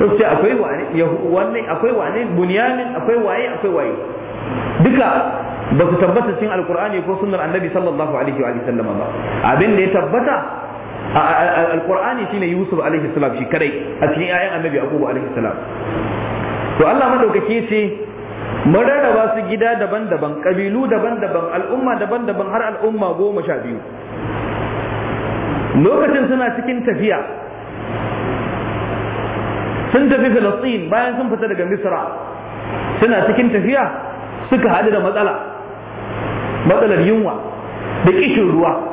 sun ce akwai wane wannan akwai wane bunyamin akwai waye akwai waye duka ba su tabbata cikin alkur'ani ko sunnar annabi sallallahu alaihi wa sallama ba abin da ya tabbata alqur'ani shine yusuf alaihi salam shi kadai a cikin ayan annabi akubu alaihi salam to Allah madaukake ce mun rarraba su gida daban-daban kabilu daban-daban al'umma daban-daban har al'umma goma sha biyu lokacin suna cikin tafiya sun tafi filistin bayan sun fita daga misra suna cikin tafiya suka haɗu da matsala matsalar yunwa da kishin ruwa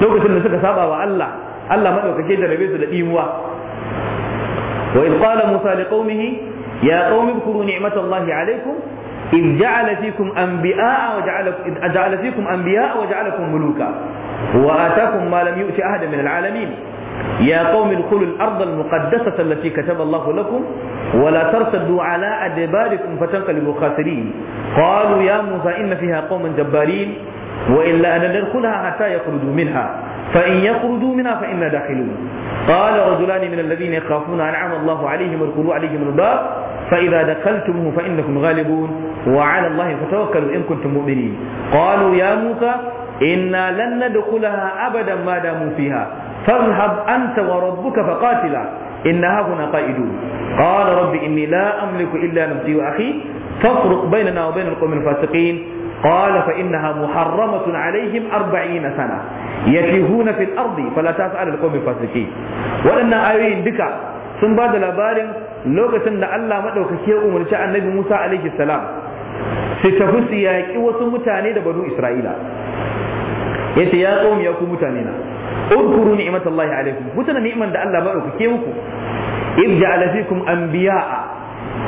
lokacin da suka saba wa Allah Allah madaukake da rabe su da imuwa wa in qala musa liqaumihi ya qaumi kuru ni'matallahi alaikum إذ جعل فيكم أنبياء وجعل جعل فيكم أنبياء وجعلكم ملوكا وآتاكم ما لم يؤت أحد من العالمين يا قوم ادخلوا الأرض المقدسة التي كتب الله لكم ولا ترتدوا على أدباركم فتنقلبوا خاسرين قالوا يا موسى إن فيها قوما جبارين وإلا أن ندخلها حتى يخرجوا منها فإن يخرجوا منها فإنا داخلون قال رجلان من الذين يخافون أنعم الله عليهم ادخلوا عليهم الباب فإذا دخلتموه فإنكم غالبون وعلى الله فتوكلوا إن كنتم مؤمنين قالوا يا موسى إنا لن ندخلها أبدا ما داموا فيها فاذهب أنت وربك فقاتلا إنها هنا قائدون قال رب إني لا أملك إلا نفسي وأخي فافرق بيننا وبين القوم الفاسقين قال فإنها محرمة عليهم أربعين سنة يتيهون في الأرض فلا تسأل القوم الفاسقين وأن آيين دكا sun ba da labarin lokacin da Allah maɗaukaki ya umarci annabi Musa alaihi salam su tafi su yaƙi wasu mutane da banu Isra'ila yace ya tsomi ya ku mutane na udkuru ni'matallahi alaikum mutana ni'man da Allah maɗaukaki muku id ja'ala fikum anbiya'a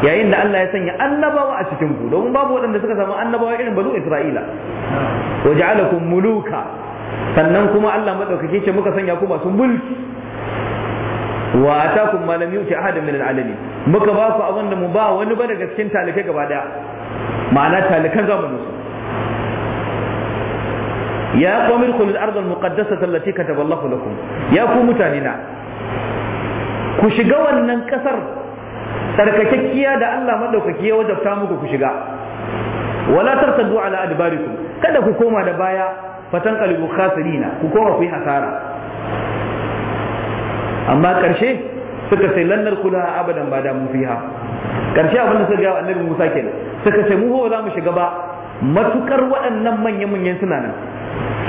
yayin da Allah ya sanya annabawa a cikin ku domin babu waɗanda suka samu annabawa irin banu Isra'ila wa ja'alakum muluka sannan kuma Allah madaukake ce muka sanya ku masu mulki wa atakum ma lam yuti ahadan min alalamin muka ba ku abin da mu ba wani ba daga cikin talike gaba daya ma'ana talikan zamanin su ya qawmi kullu al-ardh al-muqaddasah allati kataba Allah lakum ya ku mutanina ku shiga wannan kasar tsarkakakkiya da Allah madaukaki ya wajabta muku ku shiga wala tartaddu ala adbarikum kada ku koma da baya fatan qalbu khasirina ku koma ku yi hasara amma karshe suka sai lannar kula abadan ba da mu fiha karshe abin da suka ga annabi Musa kenan suka ce mu ho za mu shiga ba matukar waɗannan manya-manyan suna nan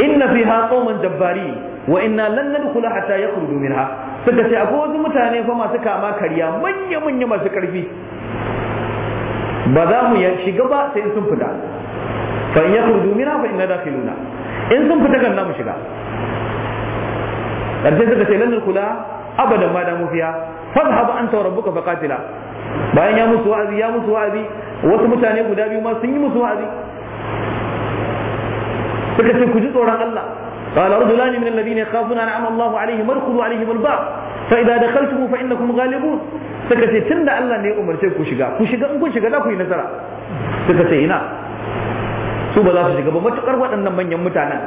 inna fiha qauman jabbari wa inna lan nadkhula hatta yakhruju minha suka ce akwai wasu mutane fa masu kama karya manya manya masu karfi ba za mu ya shiga ba sai sun fita fa in kudu mina fa inna dakhiluna in sun fita kan mu shiga dan suka ce lan kula abadan ma da mufiya fa fadhhab anta wa rabbuka qatila bayan ya musu wa'azi ya musu wa'azi wasu mutane guda biyu ma sun yi musu wa'azi suka ce ku ji tsoron Allah قال رجلان من الذين يخافون أنعم الله عليهم ادخلوا عليهم الباب فإذا دخلتم فإنكم غالبون suka ce tun da Allah ne ya umarce ku shiga ku shiga in kun shiga za ku yi nasara suka ce ina su ba za su shiga ba matukar waɗannan manyan mutanen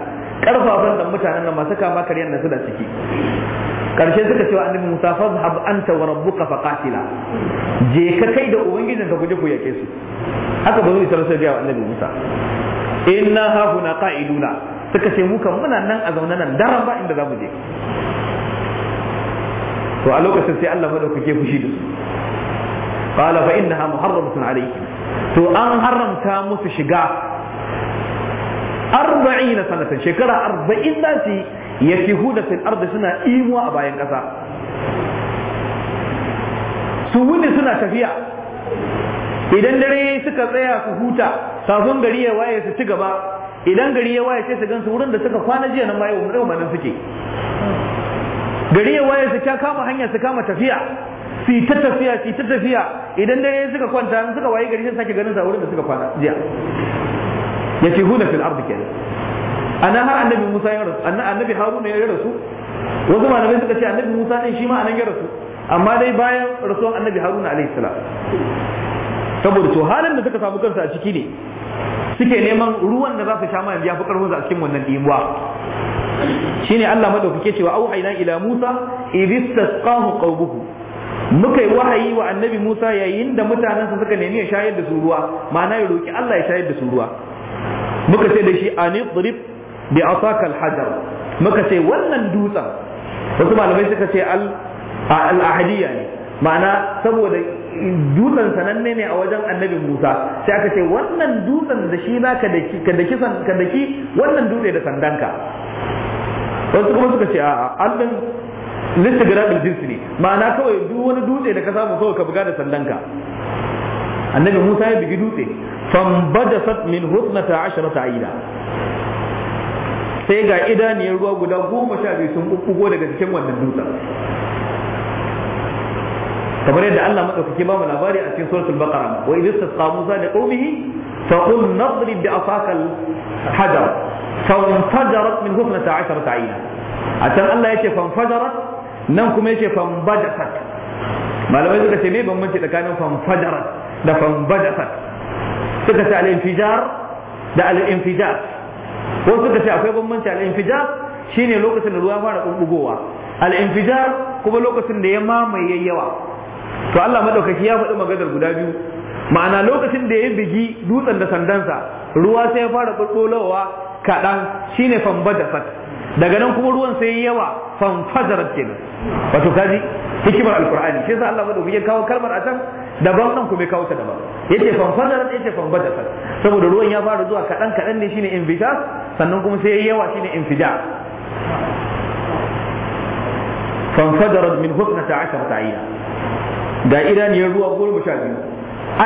ƙarfafan da mutanen nan masu kama karyar na suna ciki karshe suka cewa annabi Musa fazhab anta wa rabbuka faqatila je ka kai da ka guje haka ba Musa suka ce muka muna nan a zaune nan daren ba inda za mu je to a lokacin sai Allah ke fushi da su qala fa innaha muharramatun alayhi to an haramta musu shiga 40 sanatan shekara 40 da su huda fil ardi suna imuwa a bayan kasa su wuni suna tafiya idan dare suka tsaya su huta kafin gari ya waye su ci gaba idan gari ya waye sai su gansu wurin da suka kwana jiya nan ma yau manin suke gari ya waye su kama hanya su kama tafiya su ta tafiya su ta tafiya idan dare suka kwanta suka waye gari sai sake ganin sa wurin da suka kwana jiya yatihuna fil ardi kenan ana har annabi Musa ya rasu annabi Haruna ya rasu wasu malamai suka ce annabi Musa din shi ma anan ya rasu amma dai bayan rasuwan annabi Haruna alaihi salam saboda to halin da suka samu kansa a ciki ne suke neman ruwan da za su sha mai biya fukar fi a cikin wannan dimuwa shine Allah madaukake cewa haina ila Musa idistasqahu qaumuhu muka yi wahayi wa annabi Musa yayin da mutanensa suka nemi ya shayar da su ruwa ma'ana ya roki Allah ya shayar da su ruwa muka ce da shi ani drib bi asakal al-hajar muka ce wannan dutsen wasu malamai suka ce al-ahadiyya ne ma'ana saboda dutsen sananne ne a wajen annabi Musa sai aka ce wannan dutsen da shi za ka daki ka daki ka daki wannan dutse da sandanka wasu kuma suka ce a'a an dan listigrabin jinsi ne ma'ana kawai duk wani dutse da ka samu kawai ka buga da sandanka annabi Musa ya bugi dutse fambadasat min husnata asharata aida sai ga idaniyar ruwa guda goma sha biyu sun bubbugo daga cikin wannan dutsen kamar yadda Allah madaukake ba mu labari a cikin suratul baqara wa idh istasqa musa li qaumihi fa qul nadrib bi asaka al hajar fa infajarat min 12 ayna a can Allah yace fa infajarat nan kuma yace fa inbajasat malamai suka ce me bambanci tsakanin fa infajarat da fa inbajasat suka ce al infijar da al infijar wasu suka ce akwai bambanci al infijar shine lokacin da ruwa fara bubbugowa al infijar kuma lokacin da ya mamaye yawa to Allah madaukaki ya faɗi maganar guda biyu ma'ana lokacin da ya bigi dutsen da sandansa ruwa sai ya fara bulbulowa kaɗan shine fat. daga nan kuma ruwan sai yawa fanfazarat kenan wato kaji hikimar alqur'ani shi yasa Allah madaukaki ya kawo kalmar a can daban nan kuma ya kawo ta daban yace fanfazarat yace fat. saboda ruwan ya fara zuwa kaɗan kaɗan ne shine infita sannan kuma sai ya yawa shine infida فانفجرت من هفنة عشرة ta'ina Da idaniyar ruwa goma sha biyu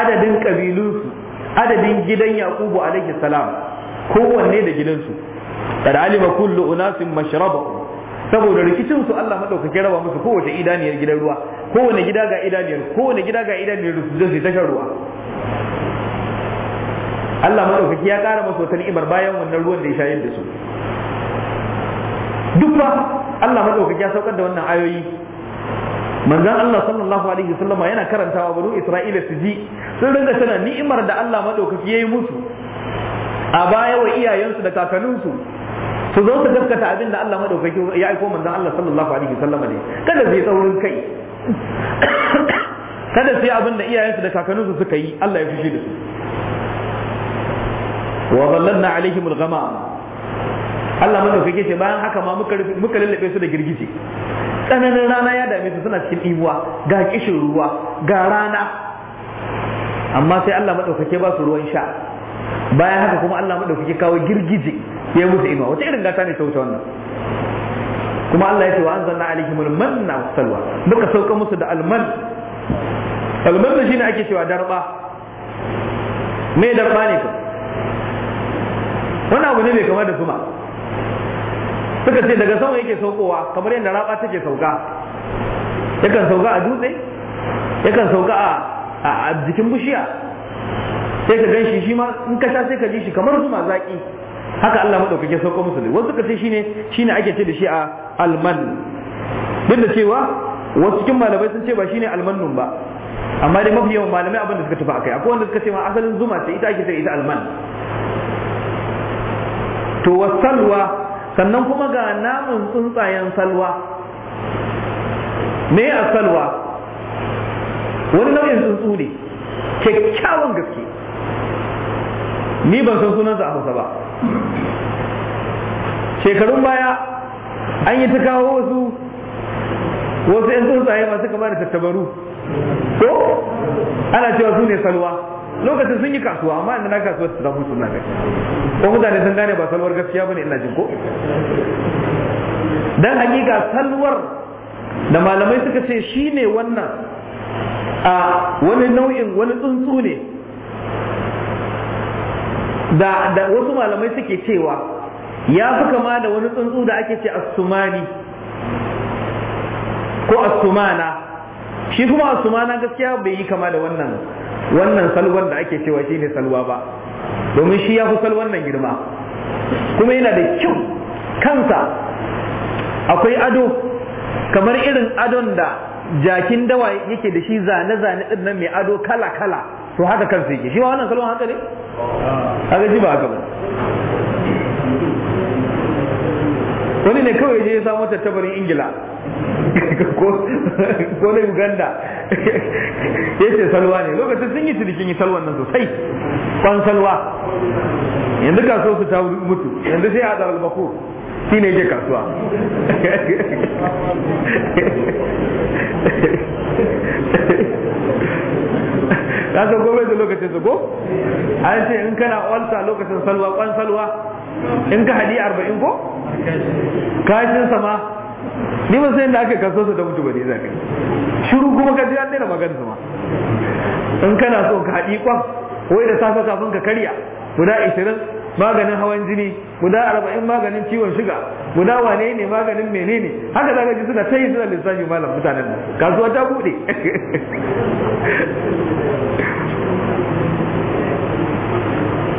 adadin kabilunsu adadin gidan yaqubu alaihi salam kowanne da gidansu da alima kullu unasin mashraba saboda rikicin su Allah madaukake raba musu kowace idaniyar gidan ruwa kowane gida ga idaniyar kowane gida ga idaniyar su zai tashar ruwa Allah madaukake ya kara musu wata ni'imar bayan wannan ruwan da ya shayar da su duk ba Allah madaukake ya saukar da wannan ayoyi manzon Allah sallallahu alaihi wasallama yana karantawa banu Isra'ila su ji sun ringa tana ni'imar da Allah madaukaki yayi musu a baya wa iyayensu da kakanninsu su zo su gaskata abin da Allah madaukaki ya aiko manzan Allah sallallahu alaihi wasallama ne kada zai tsaurin kai kada sai abin da iyayensu da kakanninsu suka yi Allah ya fushi da su wa zallanna alaihim al Allah madaukaki ce bayan haka ma muka muka lallabe su da girgije tsananin rana ya dame su suna cikin ibuwa ga kishin ruwa ga rana amma sai Allah maɗaukake ba su ruwan sha bayan haka kuma Allah maɗaukake kawo girgije ya musu ima wata irin gata ne ta wuce wannan kuma Allah ya ce wa anzalna alaihim almanna salwa muka sauka musu da alman alman da shine ake cewa darba me darba ne ko wannan abu ne mai kamar da zuma suka ce daga sama yake saukowa kamar yadda raba take sauka yakan sauka a dutse yakan sauka a jikin bishiya sai ka gan shi shi ma in ka sha sai ka ji shi kamar zuma zaki haka Allah madaukake sauko musu ne wasu ka ce shine shine ake ce da shi a alman duk da cewa wasu cikin malamai sun ce ba shine almannun ba amma dai mafi yawan malamai abinda suka tafi akai akwai wanda suka ce ma asalin zuma ce ita ake ce ita alman to wasalwa sannan kuma ga naman tsuntsayen salwa me a salwa wani nau'in tsuntsu ne kyakkyawan gaske ni ban san sunansa a hausa ba shekarun baya an yi ta kawo wasu wasu 'yan tsuntsaye masu kama da tattabaru ko ana cewa su ne salwa lokacin sun yi kasuwa amma inda na kasuwa su zafi suna kai ko mutane sun gane ba salwar gaskiya bane ina jin ko dan hakika salwar da malamai suka ce shine wannan a wani nau'in wani tsuntsu ne da da wasu malamai suke cewa ya fi kama da wani tsuntsu da ake ce asumani ko asumana shi kuma asumana gaskiya bai yi kama da wannan wannan salwar da ake cewa shi ne salwa ba domin shi ya fi salwar nan girma kuma yana da kyau kansa akwai ado kamar irin adon da jakin dawa yake da shi zane-zane ɗin nan mai ado kala-kala to haka kansa yake shi ba wannan salwar haka ne? haka ji ba haka ba wani ne kawai je ya samu tattabarin ingila ko na uganda ya ce salwa ne lokacin sun yi cikin yi salwan nan sosai kwan salwa yanzu kasuwa su ta mutu yanzu sai a zarar albako shi ne ke kasuwa ka san gobe da lokacin su ko an ce in kana walta lokacin salwa kwan salwa in ka hadi arba'in ko kashin sama ni ba sai da aka kaso su da mutu ba ne za ka shiru kuma ka ji an daina magana ma in kana so ka haɗi kwan wai da safe kafin ka karya guda ishirin maganin hawan jini guda arba'in maganin ciwon shiga guda wane ne maganin menene haka za ka ji suna tayi suna lissafi malam mutanen nan kasuwa ta buɗe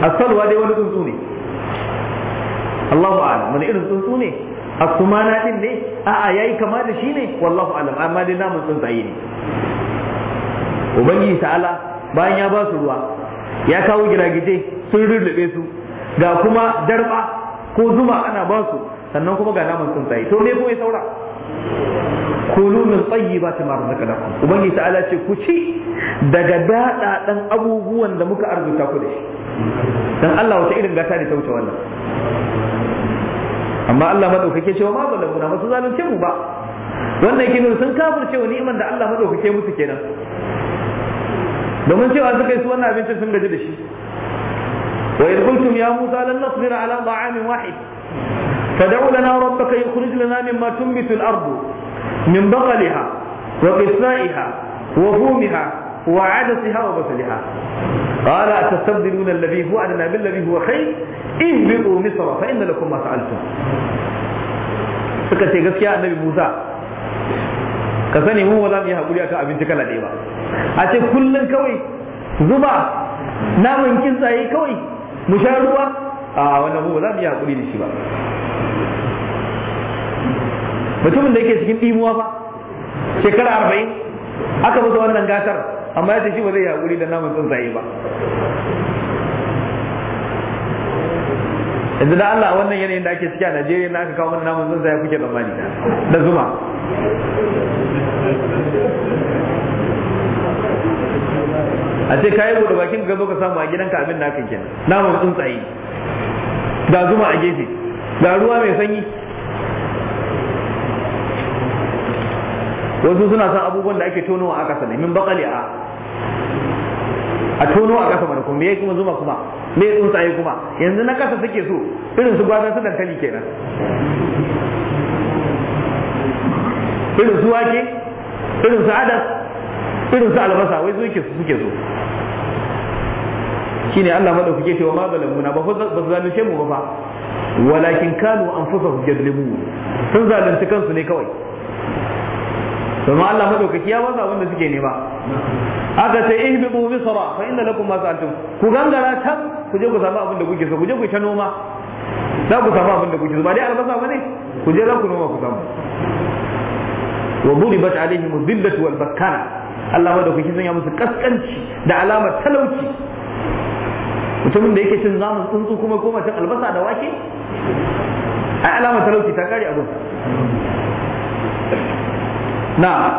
asalwa dai wani tsuntsu ne Allahu a'ala wani irin tsuntsu ne A na din ne a'a yayi kama da shi ne wallahu alam amma dai namun tsuntsaye ne ubangiji ta'ala bayan ya ba su ruwa ya kawo giragije sun rurrube su ga kuma darba ko zuma ana ba su sannan kuma ga namun tsuntsaye to ne kuma ya saura kulu min tayyibati ma razaqnakum Ubangiji ta'ala ce ku ci daga dadadan abubuwan da muka arzuta ku da shi dan Allah wata irin gata ne ta wuce wannan amma Allah madaukake cewa ma zalamuna ba su zalunce mu ba wannan yake nuna sun kafirce wa ni'imar da Allah madaukake musu kenan domin cewa suka yi su wannan abincin sun gaji da shi wa idh qultum ya musa lan nasbira ala ta'amin wahid fad'u lana rabbaka yukhrij lana mimma tunbitu al-ardu min baqliha wa qithaiha wa fumiha وعدسها وبصلها قال أتستبدلون الذي هو أدنى بالذي هو خير اهبطوا مصر فإن لكم ما سألتم suka ce gaskiya annabi Musa ka sani mu ba za mu yi hakuri akan abinci kala ɗaya ba a ce kullum kawai zuba namun kintsaye kawai mu sha ruwa a wannan ba za mu yi hakuri da shi ba mutumin da yake cikin ɗimuwa ba shekara arba'in aka masa wannan gasar. amma ya ce shi ba zai haƙuri da naman tsuntsaye ba yanzu da Allah wannan yanayin da ake ciki a Najeriya na aka kawo mana naman tsuntsaye kuke tsammani da zuma a ce kayan bude bakin ka zo ka samu a gidanka abin da aka namun naman tsuntsaye ga zuma a gefe ga ruwa mai sanyi wasu suna son abubuwan da ake tonowa a ƙasa ne min baƙali a a tono a ƙasa mana kuma me kuma zuma kuma me tsuntsaye kuma yanzu na ƙasa suke so irin su gwaza su dankali kenan irin su wake irin su adas irin su albasa wai su yake suke so shine Allah madaukake cewa ma zalamuna ba ba su zalunce mu ba walakin kanu anfusahum yadlimun sun zalunci kansu ne kawai domin Allah madaukaki ya ba su abin suke nema aka ce bu misra fa inna lakum ma sa'altum ku gangara can ku je ku samu abin da kuke so ku je ku ta noma za ku samu abin da kuke so ba dai albasa bane ku je za ku noma ku samu wa duribat alaihim dhillatu wal bakkana Allah madaukaki sun ya musu kaskanci da alamar talauci mutumin da yake cin zamu tsuntsu kuma koma cin albasa da wake ai alamar talauci ta kare abun نعم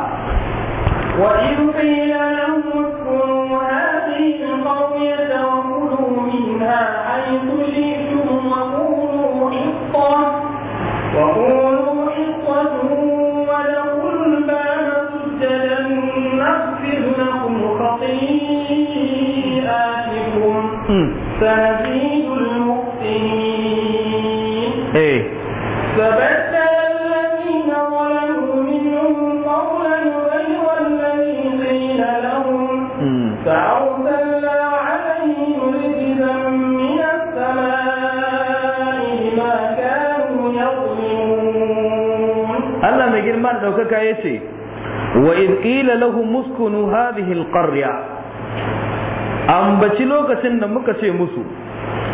وإذ قيل لهم اسكنوا هذه القرية وكلوا منها حيث جئتم وقولوا حصة وقولوا حطة ودخلوا الباب سجدا نغفر لكم خطيئاتكم ɗaukaka ya ce wa qila lahu muskunu hadhihi alqarya ambaci lokacin da muka ce musu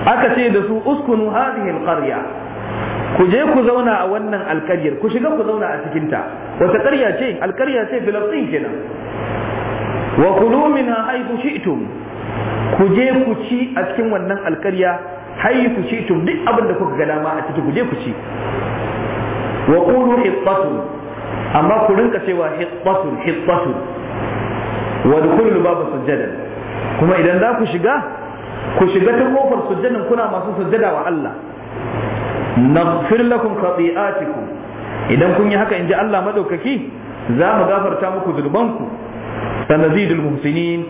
aka ce da su uskunu hadhihi alqarya ku je ku zauna a wannan alƙaryar ku shiga ku zauna a cikinta, ta wata ƙarya ce alƙarya ce filistin kenan wa kulu minha haythu shi'tum ku je ku ci a cikin wannan alƙarya haythu shi'tum duk abin da kuka ga dama a ciki ku je ku ci wa qulu hittatu amma ku rinka cewa hittatun hittatun wa dukulul babu sujjadan kuma idan za ku shiga ku shiga ta kofar sujjadan kuna masu sujjada wa Allah naghfir lakum khati'atikum idan kun yi haka inji Allah madaukaki za mu gafarta muku zunubanku sanazidul muhsinin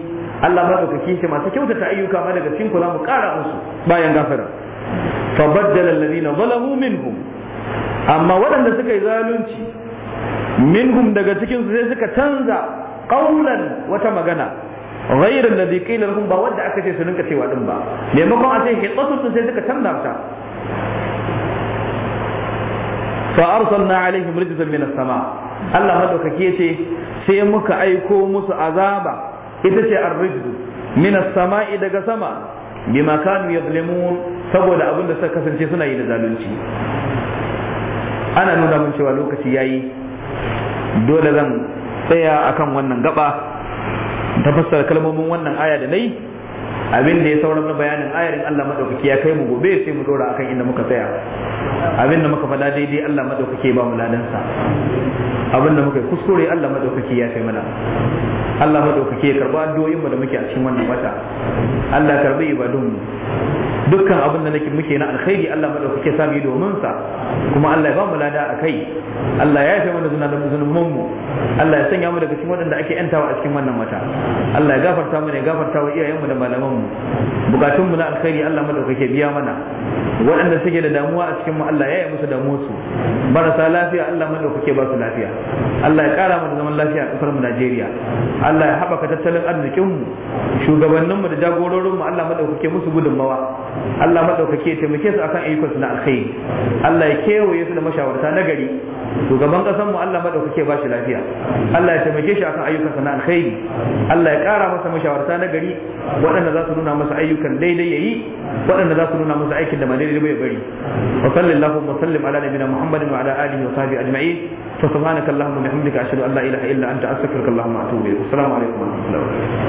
Allah madaukaki shi masu kyautata ayyuka ma daga cikin ku za mu kara musu bayan gafara fa baddala alladhina zalamu minhum amma waɗanda suka yi zalunci minhum daga cikin su sai suka canza qaulan wata magana ghayra alladhi qila lahum ba wanda aka ce su rinka cewa din ba maimakon a ce hidatun sai suka canza ta fa arsalna alaihim rijzan min as-sama Allah madaukake yace sai muka aiko musu azaba ita ce ar-rijzu min as-sama'i daga sama bima kanu yadlimun saboda abin da suka kasance suna yi da zalunci ana nuna mun cewa lokaci yayi dole zan tsaya akan wannan gaba ta fassara kalmomin wannan aya da nayi abin da ya sauran na bayanin ayarin Allah madaukaki ya kai mu gobe sai mu dora akan inda muka tsaya abin da muka faɗa daidai Allah madaukaki ba mu ladansa abin da muka kuskure Allah madaukaki ya kai mana Allah madaukaki ya karba addu'o'in mu da muke a cikin wannan wata Allah karbi ibadun mu dukkan abin da nake muke na alkhairi Allah madaukake sa mu domin sa kuma Allah ya ba mu lada akai Allah ya yafe mana da zunubin mu Allah ya sanya mu daga cikin waɗanda ake yantawa a cikin wannan wata Allah ya gafarta mu ne gafarta wa iyayen mu da malaman mu mu bukatun mu na alkhairi Allah madaukake biya mana waɗanda suke da damuwa a cikin mu Allah ya yi musu damuwar su marasa lafiya Allah madaukake ba su lafiya Allah ya kara mana zaman lafiya a kasar mu Najeriya Allah ya haɓaka tattalin arzikin mu shugabannin mu da jagororin mu Allah madaukake musu gudunmawa Allah madaukake ya taimake su akan ayyukan su na alkhairi Allah ya kewaye su da mashawarta na gari shugaban kasar mu Allah madaukake ba shi lafiya Allah ya taimake shi akan ayyukan sa na alkhairi Allah ya kara masa mashawarta na gari waɗanda za za su nuna masa ayyukan daidai yayi waɗanda za su nuna masa aikin da ba daidai ba ya bari wa sallallahu wa sallim ala nabiyina muhammadin wa ala alihi wa sahbihi ajma'in fa subhanaka allahumma bihamdika ashhadu an la ilaha illa anta astaghfiruka atubu ilayk assalamu alaikum wa rahmatullahi